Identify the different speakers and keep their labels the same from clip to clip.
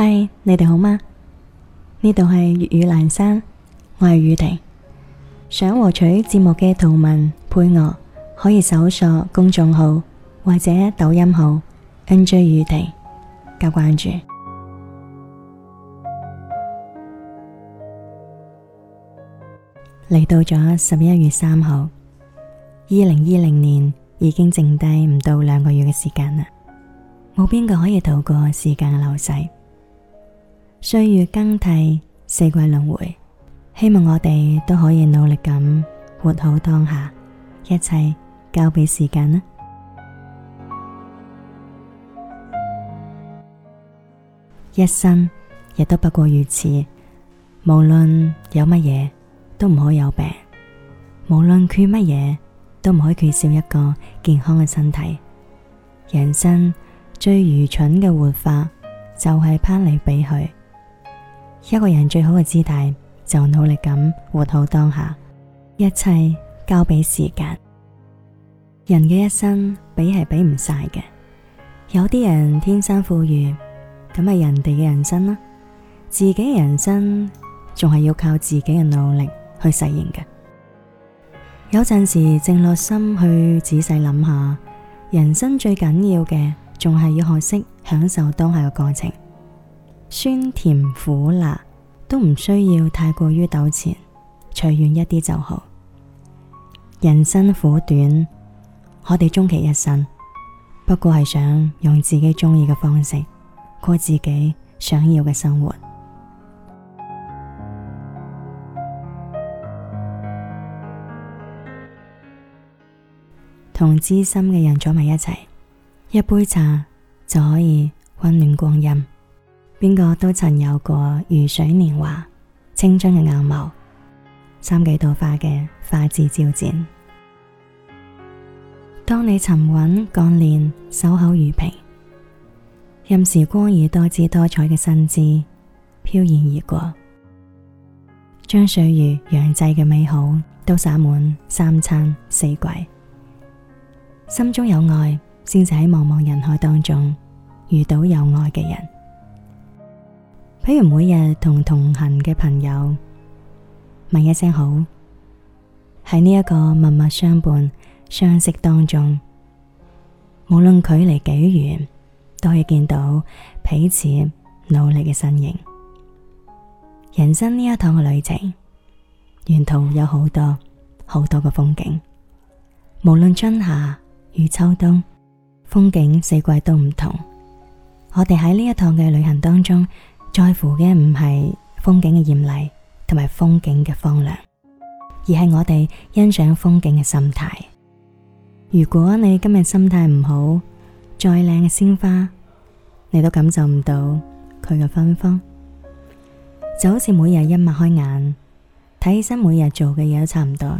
Speaker 1: 嗨，Hi, 你哋好嗎？呢度係粵語蘭生，我係宇婷。想獲取節目嘅圖文配樂，可以搜索公眾號或者抖音號 NJ 宇婷加關注。嚟 到咗十一月三號，二零二零年已經剩低唔到兩個月嘅時間啦，冇邊個可以逃過時間嘅流逝。歲月更替，四季輪迴，希望我哋都可以努力咁活好當下，一切交俾時間啦。 一生亦都不過如此，無論有乜嘢，都唔可以有病；無論缺乜嘢，都唔可以缺少一個健康嘅身體。人生最愚蠢嘅活法，就係攀嚟比去。一個人最好嘅姿態，就努力咁活好當下，一切交俾時間。人嘅一生，比係比唔晒嘅。有啲人天生富裕，咁係人哋嘅人生啦。自己嘅人生，仲係要靠自己嘅努力去實現嘅。有陣時，靜落心去仔細諗下，人生最緊要嘅，仲係要學識享受當下嘅過程。酸甜苦辣都唔需要太過於糾纏，隨緣一啲就好。人生苦短，我哋終其一生不過係想用自己中意嘅方式過自己想要嘅生活。同知心嘅人坐埋一齊，一杯茶就可以溫暖光陰。邊個都曾有過如水年華、青春嘅眼眸、三幾朵花嘅花枝招展。當你沉穩、幹練、守口如瓶，任時光以多姿多彩嘅身姿飄然而過，將歲月釀製嘅美好都灑滿三餐四季。心中有愛，先至喺茫茫人海當中遇到有愛嘅人。比如每日同同行嘅朋友問一聲好，喺呢一個默默相伴、相識當中，無論距離幾遠，都可以見到彼此努力嘅身影。人生呢一趟嘅旅程，沿途有好多好多嘅風景，無論春夏與秋冬，風景四季都唔同。我哋喺呢一趟嘅旅行當中。在乎嘅唔係風景嘅艷麗，同埋風景嘅荒涼，而係我哋欣賞風景嘅心態。如果你今日心態唔好，再靚嘅鮮花，你都感受唔到佢嘅芬芳。就好似每日一擘開眼，睇起身每日做嘅嘢，都差唔多，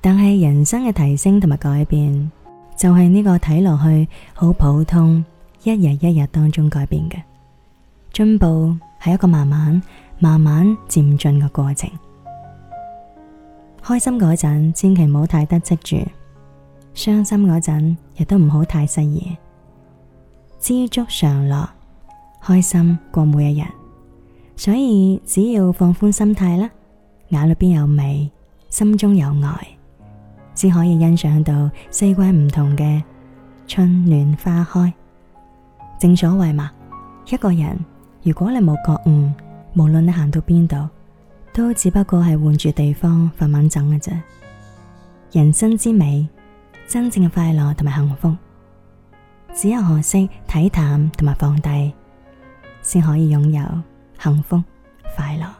Speaker 1: 但係人生嘅提升同埋改變，就係呢個睇落去好普通，一日一日當中改變嘅。進步係一個慢慢、慢慢漸進嘅過程。開心嗰陣，千祈唔好太得戚住；傷心嗰陣，亦都唔好太失意。知足常樂，開心過每一日。所以只要放寬心態啦，眼裏邊有美，心中有愛，先可以欣賞到四季唔同嘅春暖花開。正所謂嘛，一個人。如果你冇覺悟，無論你行到邊度，都只不過係換住地方發矛憎嘅啫。人生之美，真正嘅快樂同埋幸福，只有學識睇淡同埋放低，先可以擁有幸福快樂。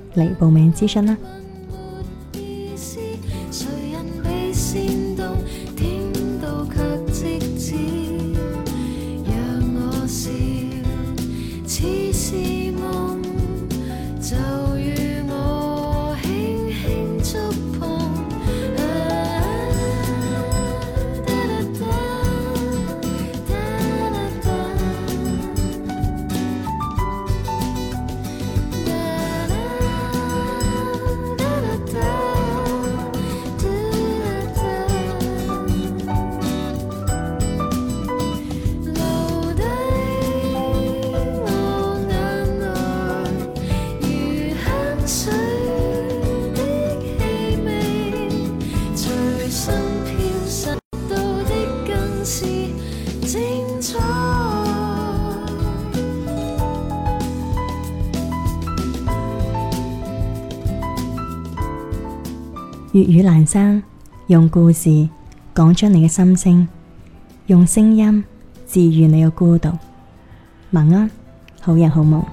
Speaker 1: 嚟報名諮詢啦！
Speaker 2: 水的氣味隨身飄散到更是精彩。
Speaker 1: 粵語闌珊，用故事講出你嘅心聲，用聲音治愈你嘅孤獨。晚安，好人好夢。